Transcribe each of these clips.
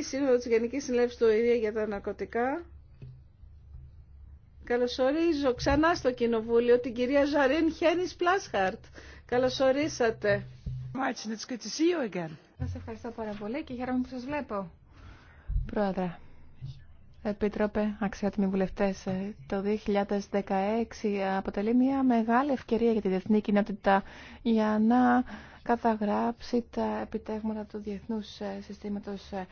η Σύνοδο της Γενικής Συνέλευσης του ΟΗΕ για τα ναρκωτικά. Καλωσορίζω ξανά στο Κοινοβούλιο την κυρία Ζαρίν Χένις Πλάσχαρτ. Καλωσορίσατε. It's Σας ευχαριστώ πάρα πολύ και χαίρομαι που σας βλέπω. Πρόεδρε, Επίτροπε, αξιότιμοι βουλευτέ, ε, το 2016 αποτελεί μια μεγάλη ευκαιρία για τη διεθνή κοινότητα για να καταγράψει τα επιτεύγματα του διεθνούς ε, συστήματος ε,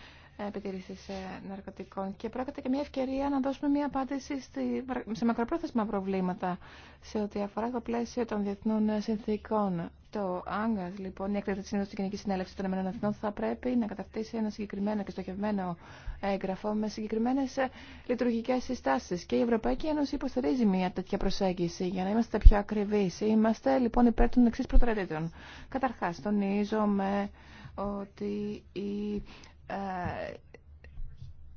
επιτήρησης ε, ναρκωτικών και πρόκειται και μια ευκαιρία να δώσουμε μια απάντηση στη, σε μακροπρόθεσμα προβλήματα σε ό,τι αφορά το πλαίσιο των διεθνών ε, συνθήκων. Το ΆΝΓΑΣ, λοιπόν, η έκτακτη συνέντευξη στην Κοινική Συνέλευση των Ηνωμένων Εθνών θα πρέπει να καταρτήσει ένα συγκεκριμένο και στοχευμένο έγγραφο με συγκεκριμένε λειτουργικέ συστάσει. Και η Ευρωπαϊκή Ένωση υποστηρίζει μια τέτοια προσέγγιση για να είμαστε πιο ακριβεί. Είμαστε, λοιπόν, υπέρ των εξή προτεραιότητων. Καταρχά, τονίζομαι ότι η ε,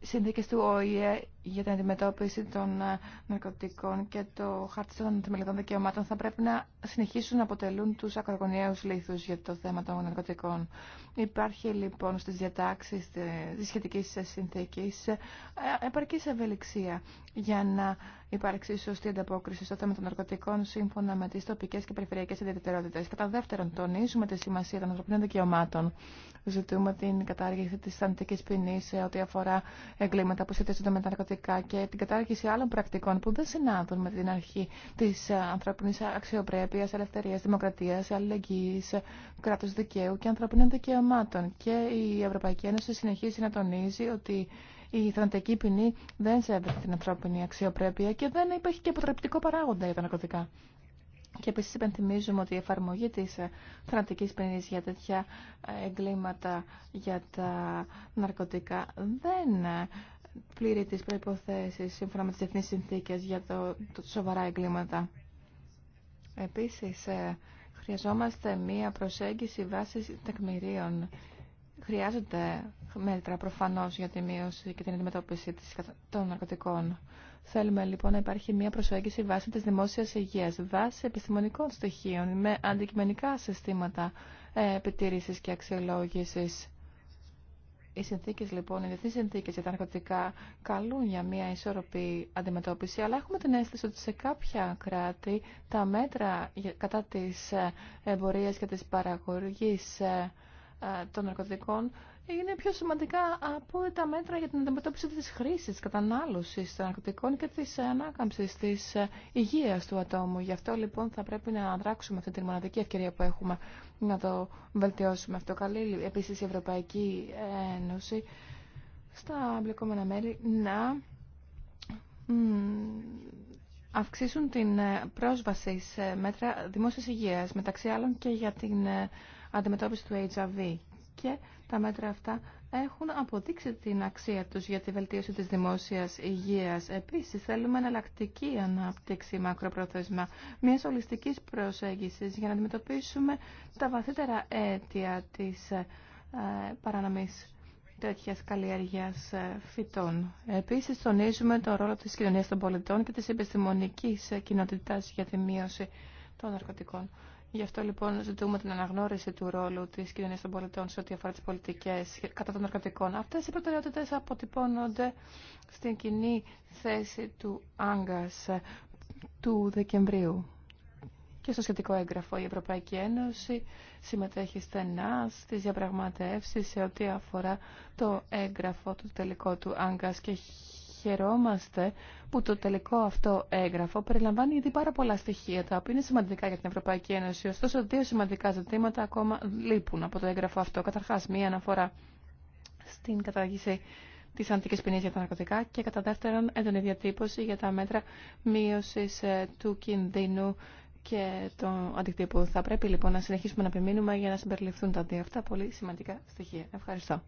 συνθήκες του ΟΗΕ για την αντιμετώπιση των ε, ναρκωτικών και το χάρτη των θεμελιωδών δικαιωμάτων θα πρέπει να συνεχίσουν να αποτελούν τους ακρογωνιαίους λήθους για το θέμα των ναρκωτικών. Υπάρχει λοιπόν στις διατάξεις της σχετικής συνθήκης ε, επαρκή ευελιξία για να υπάρξει σωστή ανταπόκριση στο θέμα των ναρκωτικών σύμφωνα με τις τοπικές και περιφερειακές ιδιαιτερότητες. Κατά δεύτερον, τονίζουμε τη σημασία των ανθρωπίνων δικαιωμάτων. Ζητούμε την κατάργηση της θανατικής ποινή σε ό,τι αφορά εγκλήματα που σχετίζονται με τα ναρκωτικά ουσιαστικά και την κατάργηση άλλων πρακτικών που δεν συνάδουν με την αρχή τη ε, ανθρώπινη αξιοπρέπεια, ελευθερία, δημοκρατία, αλληλεγγύη, κράτου δικαίου και ανθρωπίνων δικαιωμάτων. Και η Ευρωπαϊκή Ένωση συνεχίζει να τονίζει ότι η θανατική ποινή δεν σέβεται την ανθρώπινη αξιοπρέπεια και δεν υπάρχει και αποτρεπτικό παράγοντα για τα ναρκωτικά. Και επίση υπενθυμίζουμε ότι η εφαρμογή τη ε, θανατική ποινή για τέτοια ε, εγκλήματα για τα ναρκωτικά δεν πλήρη τις προϋποθέσεις σύμφωνα με τις διεθνείς συνθήκες για το, το σοβαρά εγκλήματα. Επίσης, ε, χρειαζόμαστε μία προσέγγιση βάσης τεκμηρίων. Χρειάζονται μέτρα προφανώς για τη μείωση και την αντιμετώπιση των ναρκωτικών. Θέλουμε λοιπόν να υπάρχει μία προσέγγιση βάσης της δημόσιας υγείας, βάση επιστημονικών στοιχείων, με αντικειμενικά συστήματα ε, επιτήρησης και αξιολόγησης οι συνθήκε λοιπόν, οι διεθνεί συνθήκε για τα ναρκωτικά καλούν για μια ισορροπή αντιμετώπιση, αλλά έχουμε την αίσθηση ότι σε κάποια κράτη τα μέτρα κατά τη ε, εμπορία και τη παραγωγή ε, ε, των ναρκωτικών είναι πιο σημαντικά από τα μέτρα για την αντιμετώπιση της χρήσης, της κατανάλωσης των ναρκωτικών και της ανάκαμψης της ε, υγείας του ατόμου. Γι' αυτό λοιπόν θα πρέπει να δράξουμε αυτή τη μοναδική ευκαιρία που έχουμε να το βελτιώσουμε αυτό. Καλή επίσης η Ευρωπαϊκή Ένωση στα εμπλεκόμενα μέρη να αυξήσουν την ε, πρόσβαση σε μέτρα δημόσιας υγείας, μεταξύ άλλων και για την αντιμετώπιση του HIV και τα μέτρα αυτά έχουν αποδείξει την αξία τους για τη βελτίωση της δημόσιας υγείας. Επίσης, θέλουμε εναλλακτική ανάπτυξη μακροπρόθεσμα μια ολιστικής προσέγγισης για να αντιμετωπίσουμε τα βαθύτερα αίτια της ε, παρανομής τέτοιας ε, φυτών. Επίσης, τονίζουμε τον ρόλο της κοινωνίας των πολιτών και της επιστημονικής ε, κοινότητας για τη μείωση των ναρκωτικών. Γι' αυτό λοιπόν ζητούμε την αναγνώριση του ρόλου τη κοινωνία των πολιτών σε ό,τι αφορά τι πολιτικέ κατά των ναρκωτικών. Αυτέ οι προτεραιότητε αποτυπώνονται στην κοινή θέση του Άγκα του Δεκεμβρίου. Και στο σχετικό έγγραφο η Ευρωπαϊκή Ένωση συμμετέχει στενά στις διαπραγματεύσει σε ό,τι αφορά το έγγραφο του τελικό του Άγκα και χαιρόμαστε που το τελικό αυτό έγγραφο περιλαμβάνει ήδη πάρα πολλά στοιχεία τα οποία είναι σημαντικά για την Ευρωπαϊκή Ένωση. Ωστόσο, δύο σημαντικά ζητήματα ακόμα λείπουν από το έγγραφο αυτό. Καταρχά, μία αναφορά στην καταργήση τη αντική ποινή για τα ναρκωτικά και κατά δεύτερον, έντονη διατύπωση για τα μέτρα μείωση ε, του κινδύνου και των αντικτύπου. Θα πρέπει λοιπόν να συνεχίσουμε να επιμείνουμε για να συμπεριληφθούν τα δύο αυτά πολύ σημαντικά στοιχεία. Ευχαριστώ.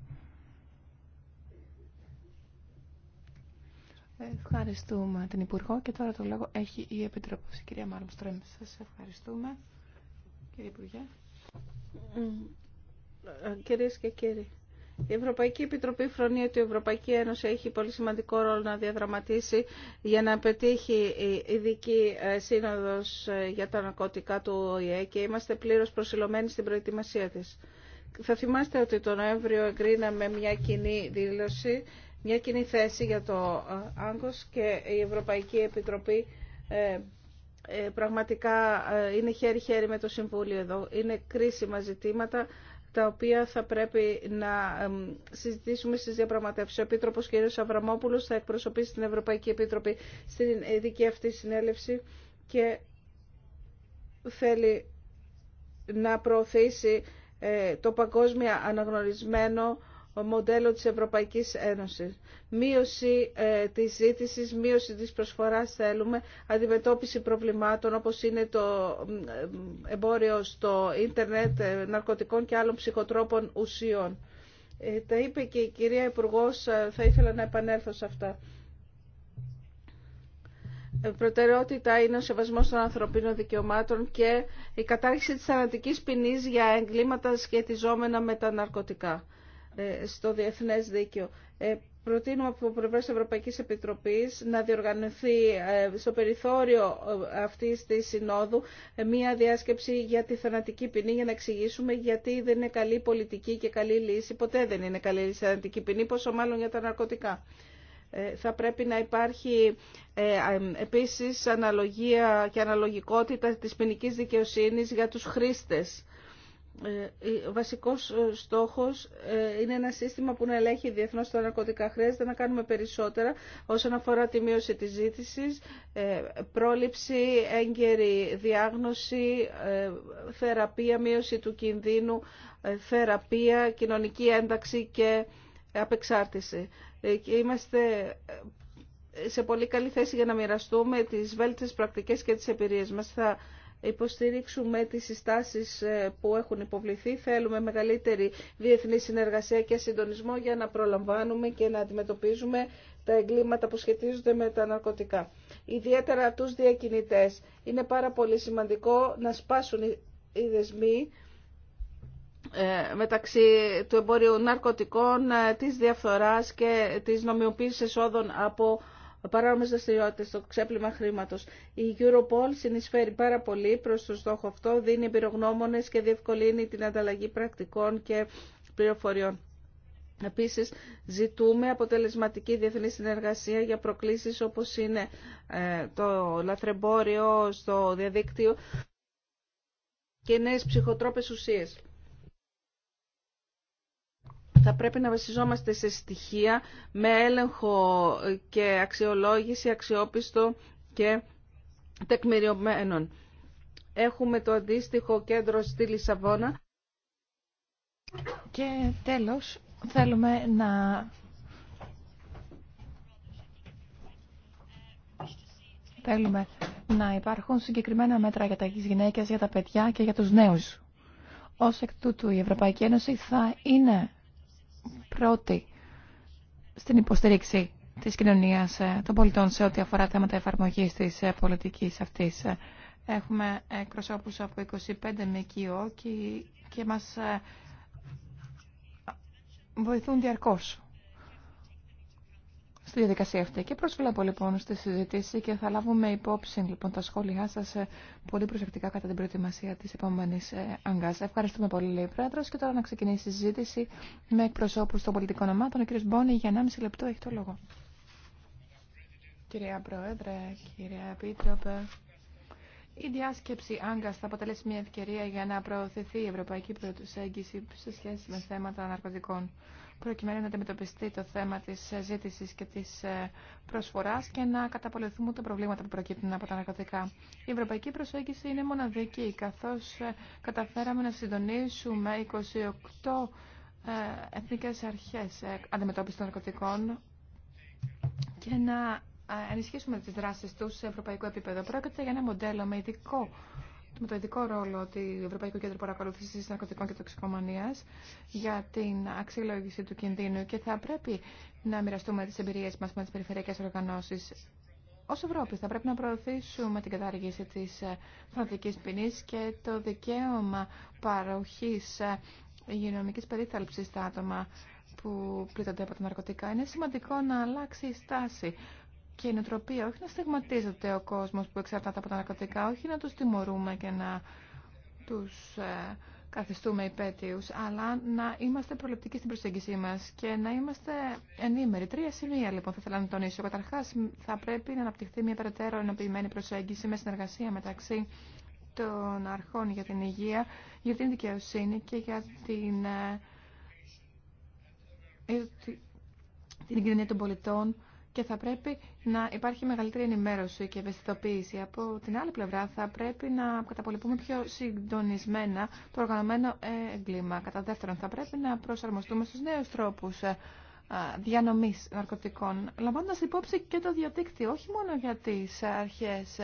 Ευχαριστούμε την Υπουργό και τώρα το λόγο έχει η Επιτροπή. Κυρία Μάρμστρομ, σας ευχαριστούμε. Κύριε Υπουργέ. Κυρίες και κύριοι. Η Ευρωπαϊκή Επιτροπή φρονεί ότι η Ευρωπαϊκή Ένωση έχει πολύ σημαντικό ρόλο να διαδραματίσει για να πετύχει η ειδική ε, σύνοδος ε, για τα ναρκωτικά του ΟΗΕ και είμαστε πλήρως προσιλωμένοι στην προετοιμασία της. Θα θυμάστε ότι τον Νοέμβριο εγκρίναμε μια κοινή δήλωση μια κοινή θέση για το ε, Άγκος και η Ευρωπαϊκή Επιτροπή ε, ε, πραγματικά είναι χέρι-χέρι με το Συμβούλιο εδώ. Είναι κρίσιμα ζητήματα τα οποία θα πρέπει να συζητήσουμε στις διαπραγματεύσεις. Ο Επίτροπος κ. Αβραμόπουλος θα εκπροσωπήσει την Ευρωπαϊκή Επιτροπή στην ειδική αυτή συνέλευση και θέλει να προωθήσει το παγκόσμια αναγνωρισμένο ο μοντέλο της Ευρωπαϊκής Ένωσης. Μείωση ε, της ζήτησης, μείωση της προσφοράς θέλουμε, αντιμετώπιση προβλημάτων όπως είναι το ε, εμπόριο στο ίντερνετ ε, ναρκωτικών και άλλων ψυχοτρόπων ουσιών. Ε, τα είπε και η κυρία Υπουργό, θα ήθελα να επανέλθω σε αυτά. Προτεραιότητα είναι ο σεβασμός των ανθρωπίνων δικαιωμάτων και η κατάργηση της θανατικής ποινής για εγκλήματα σχετιζόμενα με τα ναρκωτικά. Ε, στο διεθνές δίκαιο. Ε, Προτείνουμε από πλευρά τη Ευρωπαϊκή Επιτροπή να διοργανωθεί ε, στο περιθώριο αυτή τη συνόδου μία διάσκεψη για τη θανατική ποινή για να εξηγήσουμε γιατί δεν είναι καλή πολιτική και καλή λύση. Ποτέ δεν είναι καλή η θανατική ποινή, πόσο μάλλον για τα ναρκωτικά. Θα πρέπει να υπάρχει επίσης αναλογία και αναλογικότητα της ποινική δικαιοσύνης για τους χρήστες ε, ο βασικός ε, στόχος ε, είναι ένα σύστημα που να ελέγχει διεθνώς τα ναρκωτικά. Χρειάζεται να κάνουμε περισσότερα όσον αφορά τη μείωση της ζήτησης, πρόληψη, έγκαιρη διάγνωση, θεραπεία, μείωση του κινδύνου, θεραπεία, κοινωνική ένταξη και απεξάρτηση. Είμαστε σε πολύ καλή θέση για να μοιραστούμε τις βέλτιστες πρακτικές και τις εμπειρίες μας υποστηρίξουμε τις συστάσεις ε, που έχουν υποβληθεί. Θέλουμε μεγαλύτερη διεθνή συνεργασία και συντονισμό για να προλαμβάνουμε και να αντιμετωπίζουμε τα εγκλήματα που σχετίζονται με τα ναρκωτικά. Ιδιαίτερα τους διακινητές. Είναι πάρα πολύ σημαντικό να σπάσουν οι δεσμοί ε, μεταξύ του εμπορίου ναρκωτικών, ε, της διαφθοράς και της νομιμοποίησης εσόδων από παράνομες δραστηριότητε το ξέπλυμα χρήματος. Η Europol συνεισφέρει πάρα πολύ προς το στόχο αυτό, δίνει εμπειρογνώμονες και διευκολύνει την ανταλλαγή πρακτικών και πληροφοριών. Επίσης, ζητούμε αποτελεσματική διεθνή συνεργασία για προκλήσεις όπως είναι ε, το λαθρεμπόριο στο διαδίκτυο και νέες ψυχοτρόπες ουσίες θα πρέπει να βασιζόμαστε σε στοιχεία με έλεγχο και αξιολόγηση αξιόπιστο και τεκμηριωμένων. Έχουμε το αντίστοιχο κέντρο στη Λισαβόνα. Και τέλος, θέλουμε να Θέλουμε να υπάρχουν συγκεκριμένα μέτρα για τα γυναίκες, για τα παιδιά και για τους νέους. Ως εκ τούτου η Ευρωπαϊκή Ένωση θα είναι πρώτη στην υποστήριξη της κοινωνίας ε, των πολιτών σε ό,τι αφορά θέματα εφαρμογής της ε, πολιτικής αυτής. Ε, έχουμε εκπροσώπους από 25 ΜΚΟ και, και μας βοηθούν διαρκώς στη διαδικασία αυτή. Και προσβλέπω λοιπόν στη συζήτηση και θα λάβουμε υπόψη λοιπόν τα σχόλιά σα ε, πολύ προσεκτικά κατά την προετοιμασία τη επόμενη ε, αγκάς. Ευχαριστούμε πολύ λέει Πρόεδρο. και τώρα να ξεκινήσει η συζήτηση με εκπροσώπου των πολιτικών ομάδων. Ο κ. Μπόνι για 1,5 λεπτό έχει το λόγο. Κυρία Πρόεδρε, κυρία Επίτροπε, η διάσκεψη Άγκα θα αποτελέσει μια ευκαιρία για να προωθηθεί η ευρωπαϊκή προσέγγιση σε σχέση με θέματα ναρκωτικών προκειμένου να αντιμετωπιστεί το θέμα της ε, ζήτησης και της ε, προσφοράς και να καταπολεθούμε τα προβλήματα που προκύπτουν από τα ναρκωτικά. Η ευρωπαϊκή προσέγγιση είναι μοναδική, καθώς ε, καταφέραμε να συντονίσουμε 28 εθνικές αρχές αντιμετώπισης των ναρκωτικών και να ενισχύσουμε τις δράσεις τους σε ευρωπαϊκό επίπεδο. Πρόκειται για ένα μοντέλο με ειδικό με το ειδικό ρόλο του Ευρωπαϊκού Κέντρου Παρακολούθηση Ναρκωτικών και Τοξικομανία για την αξιολόγηση του κινδύνου και θα πρέπει να μοιραστούμε τι εμπειρίε μα με τι περιφερειακέ οργανώσει. Ω Ευρώπη, θα πρέπει να προωθήσουμε την κατάργηση τη θανατική ποινή και το δικαίωμα παροχή υγειονομική περίθαλψη στα άτομα που πλήττονται από τα ναρκωτικά. Είναι σημαντικό να αλλάξει η στάση και η νοοτροπία, όχι να στιγματίζεται ο κόσμος που εξαρτάται από τα ναρκωτικά, όχι να τους τιμωρούμε και να τους ε, καθιστούμε υπέτειους, αλλά να είμαστε προληπτικοί στην προσέγγιση μας και να είμαστε ενήμεροι. Τρία σημεία λοιπόν θα ήθελα να τονίσω. Καταρχάς θα πρέπει να αναπτυχθεί μια περαιτέρω ενοποιημένη προσέγγιση με συνεργασία μεταξύ των αρχών για την υγεία, για την δικαιοσύνη και για την, ε, την κοινωνία των πολιτών και θα πρέπει να υπάρχει μεγαλύτερη ενημέρωση και ευαισθητοποίηση. Από την άλλη πλευρά θα πρέπει να καταπολεπούμε πιο συντονισμένα το οργανωμένο ε, έγκλημα. Κατά δεύτερον, θα πρέπει να προσαρμοστούμε στους νέους τρόπους ε, διανομής ναρκωτικών, λαμβάνοντας υπόψη και το διαδίκτυο, όχι μόνο για τις ε, αρχές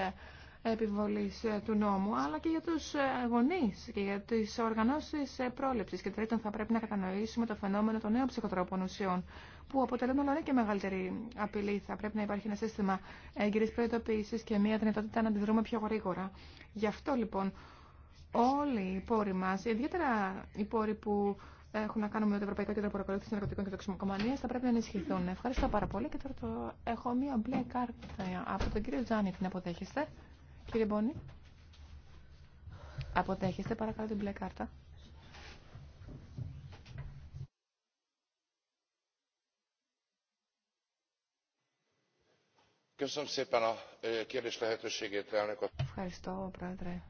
επιβολής ε, του νόμου, αλλά και για τους ε, γονείς και για τις οργανώσεις ε, πρόληψης. Και τρίτον, θα πρέπει να κατανοήσουμε το φαινόμενο των νέων ψυχοτρόπων ουσιών, που αποτελούν όλο και μεγαλύτερη απειλή. Θα πρέπει να υπάρχει ένα σύστημα έγκυρης προειδοποίησης και μια δυνατότητα να αντιδρούμε πιο γρήγορα. Γι' αυτό λοιπόν όλοι οι πόροι μα, ιδιαίτερα οι πόροι που έχουν να κάνουν με το Ευρωπαϊκό Κέντρο Παρακολούθηση Ναρκωτικών και Τοξικομανία θα πρέπει να ενισχυθούν. Ευχαριστώ πάρα πολύ και τώρα το έχω μία μπλε κάρτα από τον κύριο Τζάνι. Την αποδέχεστε. Κύριε Μπόνη, αποτέχεστε παρακαλώ την μπλε κάρτα. Ευχαριστώ, Πρόεδρε,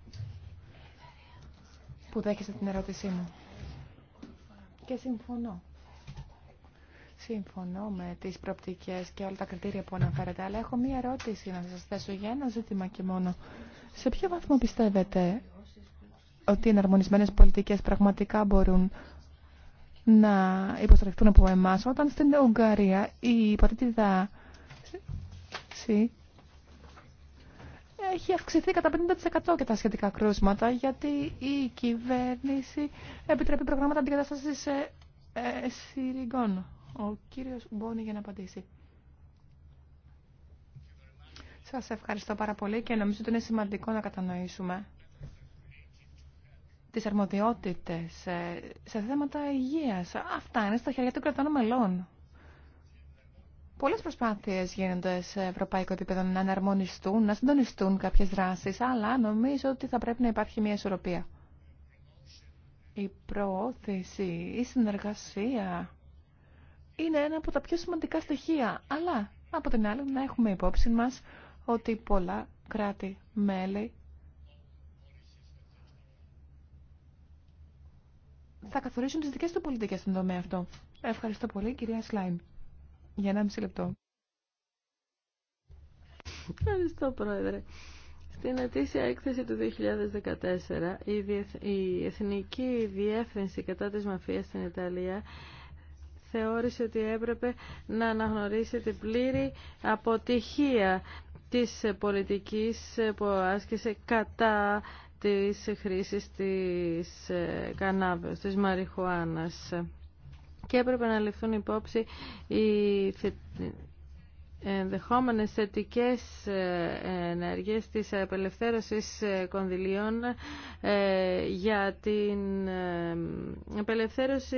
που δέχεστε την ερώτησή μου. Και συμφωνώ συμφωνώ με τις προπτικές και όλα τα κριτήρια που αναφέρετε, αλλά έχω μία ερώτηση να σας θέσω για ένα ζήτημα και μόνο. Σε ποιο βαθμό πιστεύετε ότι οι εναρμονισμένες πολιτικές πραγματικά μπορούν να υποστρεφτούν από εμάς όταν στην Ουγγαρία η πατήτηδα έχει αυξηθεί κατά 50% και τα σχετικά κρούσματα γιατί η κυβέρνηση επιτρέπει προγράμματα αντικατάστασης σε ε, ε, ο κύριος Μπόνι για να απαντήσει. Σας ευχαριστώ πάρα πολύ και νομίζω ότι είναι σημαντικό να κατανοήσουμε τις αρμοδιότητες ε, σε θέματα υγείας. Αυτά είναι στα χέρια των κρατών μελών. Πολλές προσπάθειες γίνονται σε ευρωπαϊκό επίπεδο να αναρμονιστούν, να συντονιστούν κάποιες δράσεις, αλλά νομίζω ότι θα πρέπει να υπάρχει μια ισορροπία. Η προώθηση, η συνεργασία είναι ένα από τα πιο σημαντικά στοιχεία. Αλλά, από την άλλη, να έχουμε υπόψη μας ότι πολλά κράτη-μέλη θα καθορίσουν τις δικές του πολιτικές στον τομέα αυτό. Ευχαριστώ πολύ, κυρία Σλάιν. Για ένα μισή λεπτό. Ευχαριστώ, Πρόεδρε. Στην ετήσια έκθεση του 2014, η Εθνική Διεύθυνση κατά της Μαφίας στην Ιταλία θεώρησε ότι έπρεπε να αναγνωρίσει την πλήρη αποτυχία της πολιτικής που άσκησε κατά της χρήσης της ε, κανάβεως, της μαριχουάνας. Και έπρεπε να ληφθούν υπόψη οι ενδεχόμενες θετικές ε, ενέργειες της απελευθέρωσης ε, κονδυλίων ε, για την απελευθέρωση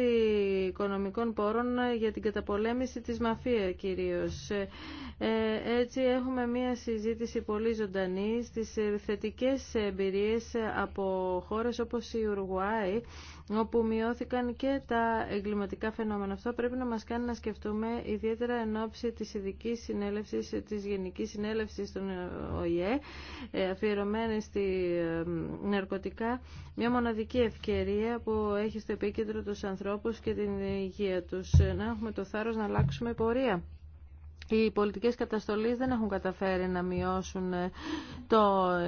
οικονομικών πόρων για την καταπολέμηση της μαφία κυρίως. Έτσι έχουμε μία συζήτηση πολύ ζωντανή στις θετικές εμπειρίες από χώρες όπως η Ουρουάη όπου μειώθηκαν και τα εγκληματικά φαινόμενα. Αυτό πρέπει να μας κάνει να σκεφτούμε ιδιαίτερα εν ώψη της ειδικής συνέλευσης, της Γενικής Συνέλευσης των ΟΗΕ, ε, αφιερωμένη στη ε, ναρκωτικά, μια μοναδική ευκαιρία που έχει στο επίκεντρο τους ανθρώπους και την υγεία τους. Ε, να έχουμε το θάρρος να αλλάξουμε πορεία οι πολιτικές καταστολής δεν έχουν καταφέρει να μειώσουν ε,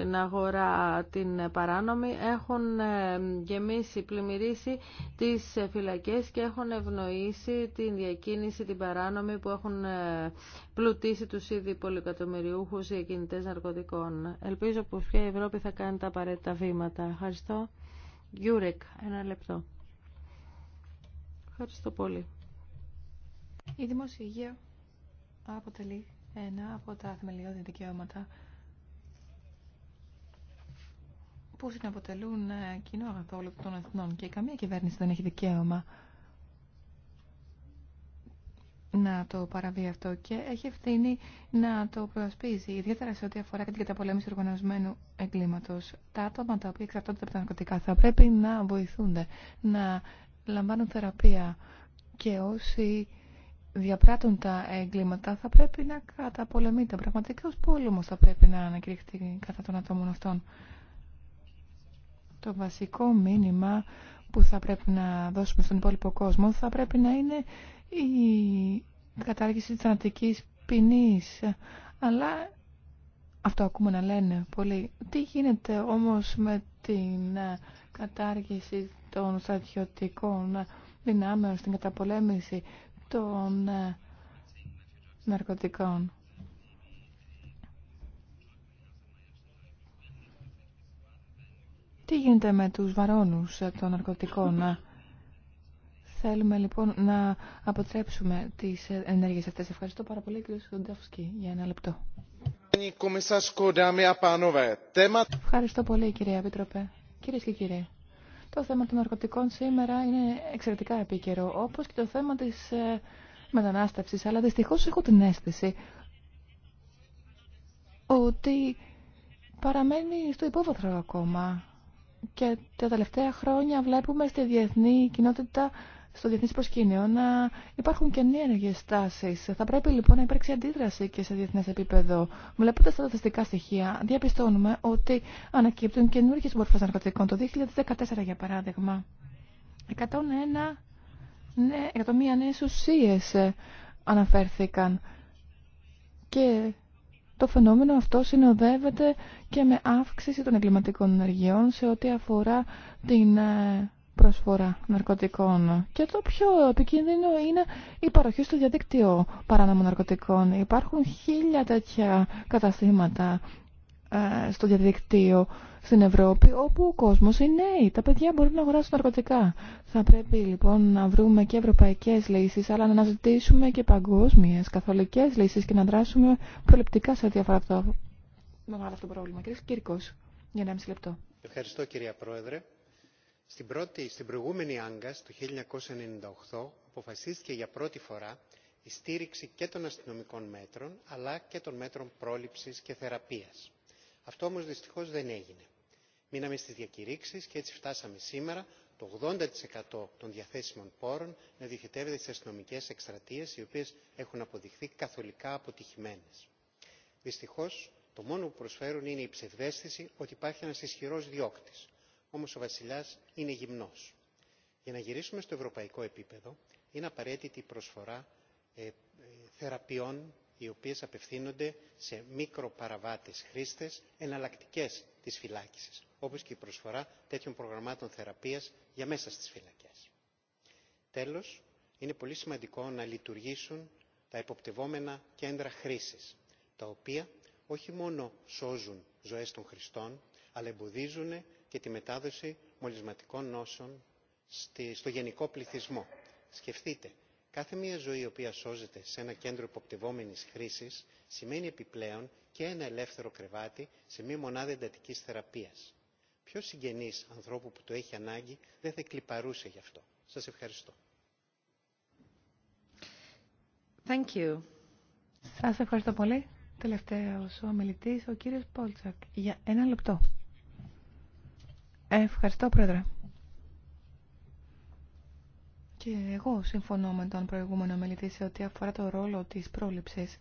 την αγορά την παράνομη, έχουν ε, γεμίσει, πλημμυρίσει τις φυλακές και έχουν ευνοήσει την διακίνηση την παράνομη που έχουν ε, πλουτίσει τους ήδη πολυκατομμυριούχους οι κινητές ναρκωτικών. Ελπίζω πως πια η Ευρώπη θα κάνει τα απαραίτητα βήματα. Ευχαριστώ. Γιούρεκ, ένα λεπτό. Ευχαριστώ πολύ. Η Δημοσιογεία αποτελεί ένα από τα θεμελιώδη δικαιώματα που συναποτελούν ε, κοινό αγαθό όλων των εθνών και καμία κυβέρνηση δεν έχει δικαίωμα να το παραβεί αυτό και έχει ευθύνη να το προασπίζει, ιδιαίτερα σε ό,τι αφορά την καταπολέμηση οργανωσμένου εγκλήματο. Τα άτομα τα οποία εξαρτώνται από τα ναρκωτικά θα πρέπει να βοηθούνται, να λαμβάνουν θεραπεία και όσοι διαπράττουν τα εγκλήματα θα πρέπει να καταπολεμείται. Πραγματικά ως πόλεμος θα πρέπει να ανακηρυχθεί κατά των ατόμων αυτών. Το βασικό μήνυμα που θα πρέπει να δώσουμε στον υπόλοιπο κόσμο θα πρέπει να είναι η κατάργηση της θανατικής ποινής. Αλλά αυτό ακούμε να λένε πολύ. Τι γίνεται όμως με την κατάργηση των στρατιωτικών δυνάμεων στην καταπολέμηση των ε, ναρκωτικών. Τι γίνεται με τους βαρόνους ε, των ναρκωτικών. Ε? Θέλουμε λοιπόν να αποτρέψουμε τις ενέργειες αυτές. Ευχαριστώ πάρα πολύ κύριε Σοντεύσκη για ένα λεπτό. Ευχαριστώ πολύ κύριε Επίτροπε. Κυρίες και κύριοι. Το θέμα των ναρκωτικών σήμερα είναι εξαιρετικά επίκαιρο, όπως και το θέμα της ε, μετανάστευσης. Αλλά δυστυχώς έχω την αίσθηση ότι παραμένει στο υπόβαθρο ακόμα. Και τα τελευταία χρόνια βλέπουμε στη διεθνή κοινότητα στο διεθνέ προσκήνιο να υπάρχουν και νέε τάσει. Θα πρέπει λοιπόν να υπάρξει αντίδραση και σε διεθνέ επίπεδο. Βλέποντα τα στατιστικά στοιχεία, διαπιστώνουμε ότι ανακύπτουν καινούργιε μορφέ ναρκωτικών. Το 2014, για παράδειγμα, 101 ναι, εκατομμύρια νέε ουσίε ε, αναφέρθηκαν. Και το φαινόμενο αυτό συνοδεύεται και με αύξηση των εγκληματικών ενεργειών σε ό,τι αφορά την ε, προσφορά ναρκωτικών. Και το πιο επικίνδυνο είναι η παροχή στο διαδίκτυο παράνομων ναρκωτικών. Υπάρχουν χίλια τέτοια καταστήματα ε, στο διαδικτύο στην Ευρώπη όπου ο κόσμος είναι νέοι. Τα παιδιά μπορούν να αγοράσουν ναρκωτικά. Θα πρέπει λοιπόν να βρούμε και ευρωπαϊκές λύσεις αλλά να αναζητήσουμε και παγκόσμιες καθολικές λύσεις και να δράσουμε προληπτικά σε ό,τι αφορά αυτό, μεγάλο αυτό το πρόβλημα. Κύριε Κύρκος, για ένα μισή λεπτό. Ευχαριστώ κυρία Πρόεδρε. Στην, πρώτη, στην προηγούμενη Άγκα, το 1998, αποφασίστηκε για πρώτη φορά η στήριξη και των αστυνομικών μέτρων, αλλά και των μέτρων πρόληψης και θεραπείας. Αυτό όμως δυστυχώς δεν έγινε. Μείναμε στις διακηρύξεις και έτσι φτάσαμε σήμερα το 80% των διαθέσιμων πόρων να διοχετεύεται στις αστυνομικές εκστρατείες, οι οποίες έχουν αποδειχθεί καθολικά αποτυχημένες. Δυστυχώς, το μόνο που προσφέρουν είναι η ψευδέστηση ότι υπάρχει ένας ισχυρός διώκτης, όμως ο βασιλιάς είναι γυμνός. Για να γυρίσουμε στο ευρωπαϊκό επίπεδο είναι απαραίτητη η προσφορά ε, ε, θεραπείων οι οποίες απευθύνονται σε μικροπαραβάτες χρήστες εναλλακτικές της φυλάκησης. όπως και η προσφορά τέτοιων προγραμμάτων θεραπείας για μέσα στις φυλακές. Τέλος, είναι πολύ σημαντικό να λειτουργήσουν τα υποπτευόμενα κέντρα χρήσης, τα οποία όχι μόνο σώζουν ζωές των χρηστών, αλλά εμποδίζουν και τη μετάδοση μολυσματικών νόσων στο γενικό πληθυσμό. Σκεφτείτε, κάθε μία ζωή η οποία σώζεται σε ένα κέντρο υποπτευόμενης χρήσης σημαίνει επιπλέον και ένα ελεύθερο κρεβάτι σε μία μονάδα εντατικής θεραπείας. Ποιο συγγενής ανθρώπου που το έχει ανάγκη δεν θα κλιπαρούσε γι' αυτό. Σας ευχαριστώ. Thank you. Σας ευχαριστώ πολύ. Τελευταίος ο μιλητής, ο κύριος Πόλτσακ. Για ένα λεπτό. Ευχαριστώ, Πρόεδρε. Και εγώ συμφωνώ με τον προηγούμενο μελητή σε ό,τι αφορά το ρόλο της πρόληψης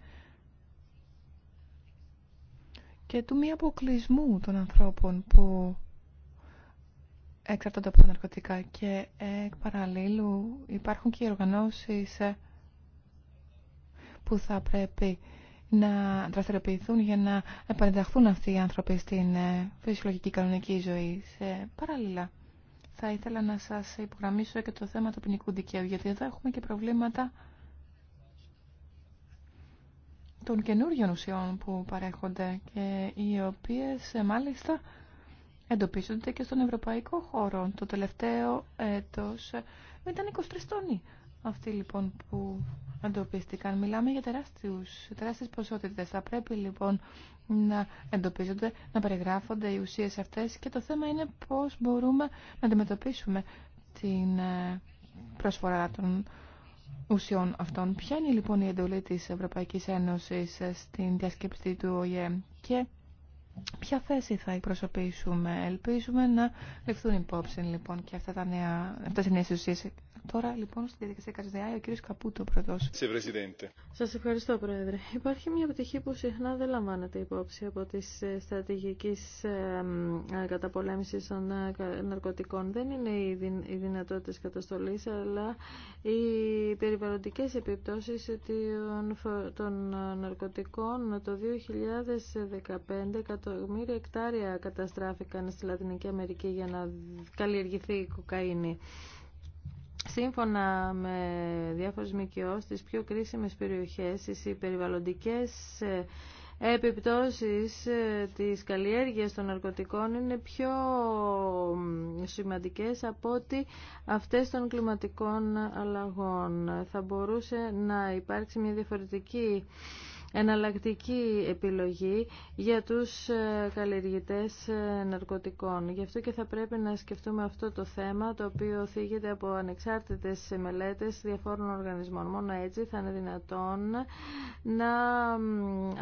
και του μη αποκλεισμού των ανθρώπων που εξαρτώνται από τα ναρκωτικά και ε, εκ παραλλήλου υπάρχουν και οι οργανώσεις ε, που θα πρέπει να δραστηριοποιηθούν για να επανενταχθούν αυτοί οι άνθρωποι στην ε, φυσιολογική κανονική ζωή. Σε παράλληλα, θα ήθελα να σας υπογραμμίσω και το θέμα του ποινικού δικαίου, γιατί εδώ έχουμε και προβλήματα των καινούριων ουσιών που παρέχονται και οι οποίες ε, μάλιστα εντοπίζονται και στον ευρωπαϊκό χώρο. Το τελευταίο έτος ε, ήταν 23 τόνοι αυτοί λοιπόν που εντοπίστηκαν. Μιλάμε για τεράστιους, τεράστιες ποσότητες. Θα πρέπει λοιπόν να εντοπίζονται, να περιγράφονται οι ουσίες αυτές και το θέμα είναι πώς μπορούμε να αντιμετωπίσουμε την ε, προσφορά των ουσιών αυτών. Ποια είναι λοιπόν η εντολή της Ευρωπαϊκής Ένωσης ε, στην διασκέψη του ΟΗΕ και Ποια θέση θα εκπροσωπήσουμε. Ελπίζουμε να ληφθούν υπόψη λοιπόν και αυτά τα νέα, αυτές οι νέες ουσίες Τώρα λοιπόν στη διαδικασία Καρσδεάη ο κύριο Καπούτο πρώτος. Σα ευχαριστώ Πρόεδρε. Υπάρχει μια πτυχή που συχνά δεν λαμβάνεται υπόψη από τη ε, στρατηγική ε, καταπολέμηση των ε, ναρκωτικών. Δεν είναι οι δυνατότητε καταστολή, αλλά οι περιβαλλοντικές επιπτώσεις των ναρκωτικών το 2015 εκατομμύρια εκτάρια καταστράφηκαν στη Λατινική Αμερική για να καλλιεργηθεί η κοκαίνη. Σύμφωνα με διάφορες ΜΚΟ, στις πιο κρίσιμες περιοχές, οι περιβαλλοντικές ε, επιπτώσεις ε, της καλλιέργειας των ναρκωτικών είναι πιο σημαντικές από ότι αυτές των κλιματικών αλλαγών. Θα μπορούσε να υπάρξει μια διαφορετική εναλλακτική επιλογή για τους ε, καλλιεργητές ε, ναρκωτικών. Γι' αυτό και θα πρέπει να σκεφτούμε αυτό το θέμα, το οποίο θίγεται από ανεξάρτητες μελέτες διαφόρων οργανισμών. Μόνο έτσι θα είναι δυνατόν να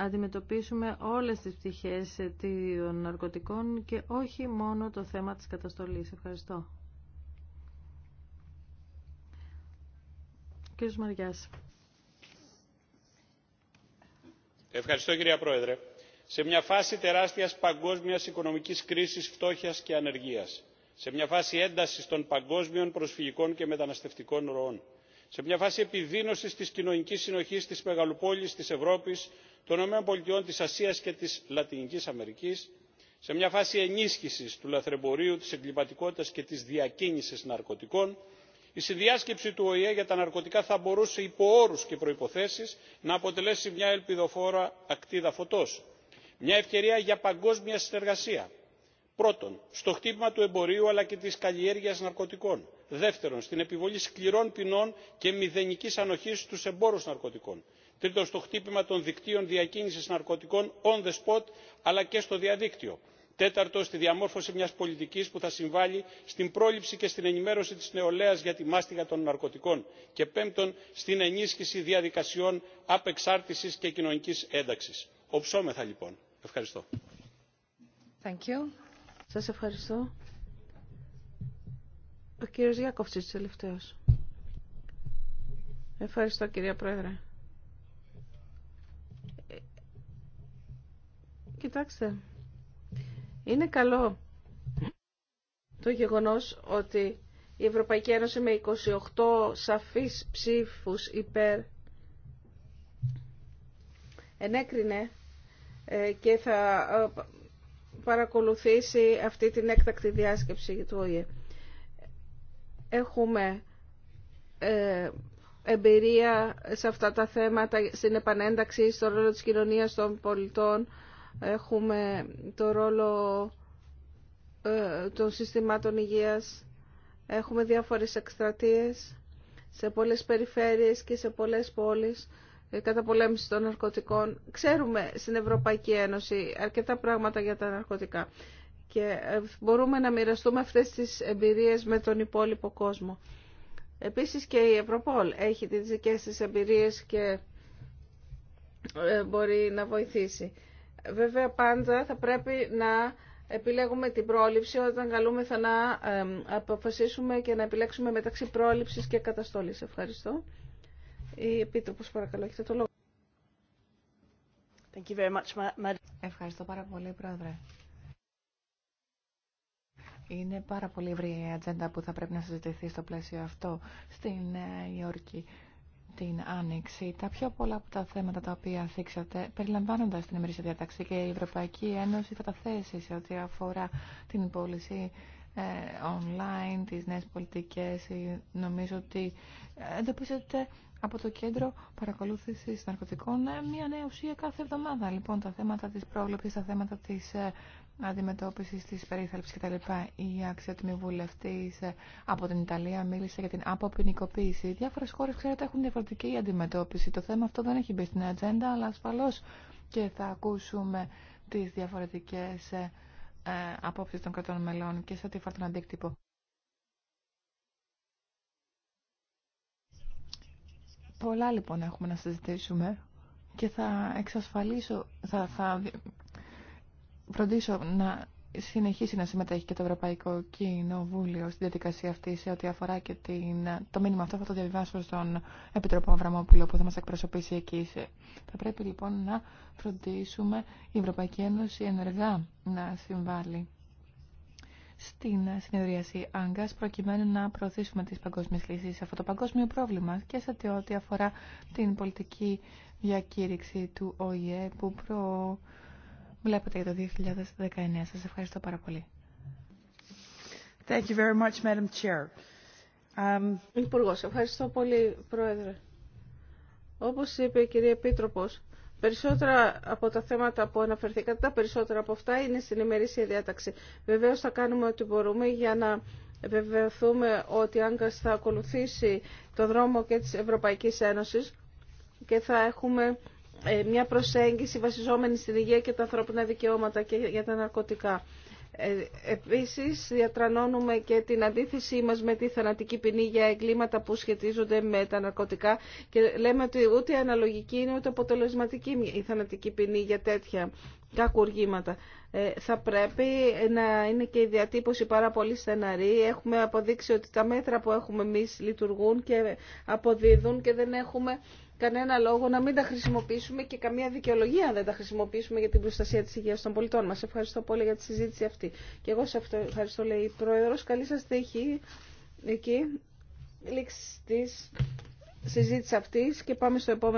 αντιμετωπίσουμε όλες τις πτυχές των ναρκωτικών και όχι μόνο το θέμα της καταστολής. Ευχαριστώ. Κύριος Μαριάς κυρία πρόεδρε σε μια φάση τεράστιας παγκόσμιας οικονομικής κρίσης φτώχειας και ανεργίας σε μια φάση έντασης των παγκόσμιων προσφυγικών και μεταναστευτικών ροών σε μια φάση επιδείνωσης της κοινωνικής συνοχής της μεγαλοπόλης της ευρώπης των ΗΠΑ τη της ασίας και της λατινικής αμερικής σε μια φάση ενίσχυσης του λαθρεμπορίου της εγκληματικότητας και της διακίνησης ναρκωτικών η συνδιάσκεψη του οηε για τα ναρκωτικά θα μπορούσε υπό όρους και προϋποθέσεις να αποτελέσει μια ελπιδοφόρα ακτίδα φωτός μια ευκαιρία για παγκόσμια συνεργασία πρώτον στο χτύπημα του εμπορίου αλλά και της καλλιέργειας ναρκωτικών δεύτερον στην επιβολή σκληρών ποινών και μηδενικής ανοχής στους εμπόρους ναρκωτικών τρίτον στο χτύπημα των δικτύων διακίνησης ναρκωτικών on the spot αλλά και στο διαδίκτυο τέταρτο στη διαμόρφωση μιας πολιτικής που θα συμβάλλει στην πρόληψη και στην ενημέρωση της νεολαίας για τη μάστιγα των ναρκωτικών και πέμπτον στην ενίσχυση διαδικασιών απεξάρτησης και κοινωνικής ένταξης. Οψόμεθα λοιπόν. Ευχαριστώ. Σας ευχαριστώ. Ο κύριος Γιάκοφτσης Ευχαριστώ κυρία Πρόεδρε. Ε, κοιτάξτε, είναι καλό το γεγονός ότι η Ευρωπαϊκή Ένωση με 28 σαφείς ψήφους υπέρ ενέκρινε ε, και θα ε, παρακολουθήσει αυτή την έκτακτη διάσκεψη του ΟΗΕ. Έχουμε ε, εμπειρία σε αυτά τα θέματα, στην επανένταξη, στο ρόλο της κοινωνίας των πολιτών, Έχουμε το ρόλο ε, των συστημάτων υγείας. Έχουμε διάφορες εκστρατείες σε πολλές περιφέρειες και σε πολλές πόλεις ε, κατά πολέμηση των ναρκωτικών. Ξέρουμε στην Ευρωπαϊκή Ένωση αρκετά πράγματα για τα ναρκωτικά και ε, μπορούμε να μοιραστούμε αυτές τις εμπειρίες με τον υπόλοιπο κόσμο. Επίσης και η Ευρωπόλ έχει τις δικές της εμπειρίες και μπορεί να βοηθήσει. Βέβαια πάντα θα πρέπει να επιλέγουμε την πρόληψη όταν καλούμεθα να αποφασίσουμε και να επιλέξουμε μεταξύ πρόληψης και καταστόλης. Ευχαριστώ. Η Επίτροπος παρακαλώ, έχετε το λόγο. Thank you very much, Ευχαριστώ πάρα πολύ, Πρόεδρε. Είναι πάρα πολύ ευρύ η ατζέντα που θα πρέπει να συζητηθεί στο πλαίσιο αυτό στην Νέα ε, Υόρκη την Άνοιξη, τα πιο πολλά από τα θέματα τα οποία θίξατε, περιλαμβάνοντας την ημερήσια διαταξή και η Ευρωπαϊκή Ένωση θα τα θέσει σε ό,τι αφορά την πώληση ε, online, τις νέες πολιτικές, νομίζω ότι ε, εντοπίζεται από το Κέντρο Παρακολούθησης Ναρκωτικών ε, μια νέα ουσία κάθε εβδομάδα. Λοιπόν, τα θέματα της πρόβλεψης, τα θέματα της αντιμετώπιση τη περίθαλψη κτλ. Η αξιότιμη βουλευτή ε, από την Ιταλία μίλησε για την αποποινικοποίηση. Διάφορε χώρες, ξέρετε, έχουν διαφορετική αντιμετώπιση. Το θέμα αυτό δεν έχει μπει στην ατζέντα, αλλά ασφαλώ και θα ακούσουμε τις διαφορετικές ε, ε, απόψει των κρατών μελών και σε ό,τι αφορά τον αντίκτυπο. Πολλά λοιπόν έχουμε να συζητήσουμε και θα εξασφαλίσω, θα, θα φροντίσω να συνεχίσει να συμμετέχει και το Ευρωπαϊκό Κοινοβούλιο στην διαδικασία αυτή σε ό,τι αφορά και την... το μήνυμα αυτό θα το διαβιβάσω στον Επιτρόπο Αβραμόπουλο που θα μας εκπροσωπήσει εκεί. Θα πρέπει λοιπόν να φροντίσουμε η Ευρωπαϊκή Ένωση ενεργά να συμβάλλει στην συνεδρίαση Άγκα προκειμένου να προωθήσουμε τις παγκόσμιες λύσεις σε αυτό το παγκόσμιο πρόβλημα και σε ό,τι αφορά την πολιτική διακήρυξη του ΟΗΕ που προ βλέπετε για το 2019. Σας ευχαριστώ πάρα πολύ. Thank you very much, Madam Chair. Um... Υπουργός, ευχαριστώ πολύ, Πρόεδρε. Όπως είπε η κυρία Επίτροπος, Περισσότερα από τα θέματα που αναφερθήκατε, τα περισσότερα από αυτά είναι στην ημερήσια διάταξη. Βεβαίως θα κάνουμε ό,τι μπορούμε για να βεβαιωθούμε ότι η Άγκας θα ακολουθήσει το δρόμο και της Ευρωπαϊκής Ένωσης και θα έχουμε ε, μια προσέγγιση βασιζόμενη στην υγεία και τα ανθρώπινα δικαιώματα και για τα ναρκωτικά. Ε, επίσης, διατρανώνουμε και την αντίθεσή μας με τη θανατική ποινή για εγκλήματα που σχετίζονται με τα ναρκωτικά και λέμε ότι ούτε αναλογική είναι ούτε αποτελεσματική η θανατική ποινή για τέτοια κακουργήματα. Ε, θα πρέπει να είναι και η διατύπωση πάρα πολύ στεναρή. Έχουμε αποδείξει ότι τα μέτρα που έχουμε εμείς λειτουργούν και αποδίδουν και δεν έχουμε κανένα λόγο να μην τα χρησιμοποιήσουμε και καμία δικαιολογία να δεν τα χρησιμοποιήσουμε για την προστασία της υγείας των πολιτών μας. Ευχαριστώ πολύ για τη συζήτηση αυτή. Και εγώ σε αυτό ευχαριστώ λέει η Πρόεδρος. Καλή σας τύχη εκεί. Λήξη της συζήτηση αυτής και πάμε στο επόμενο.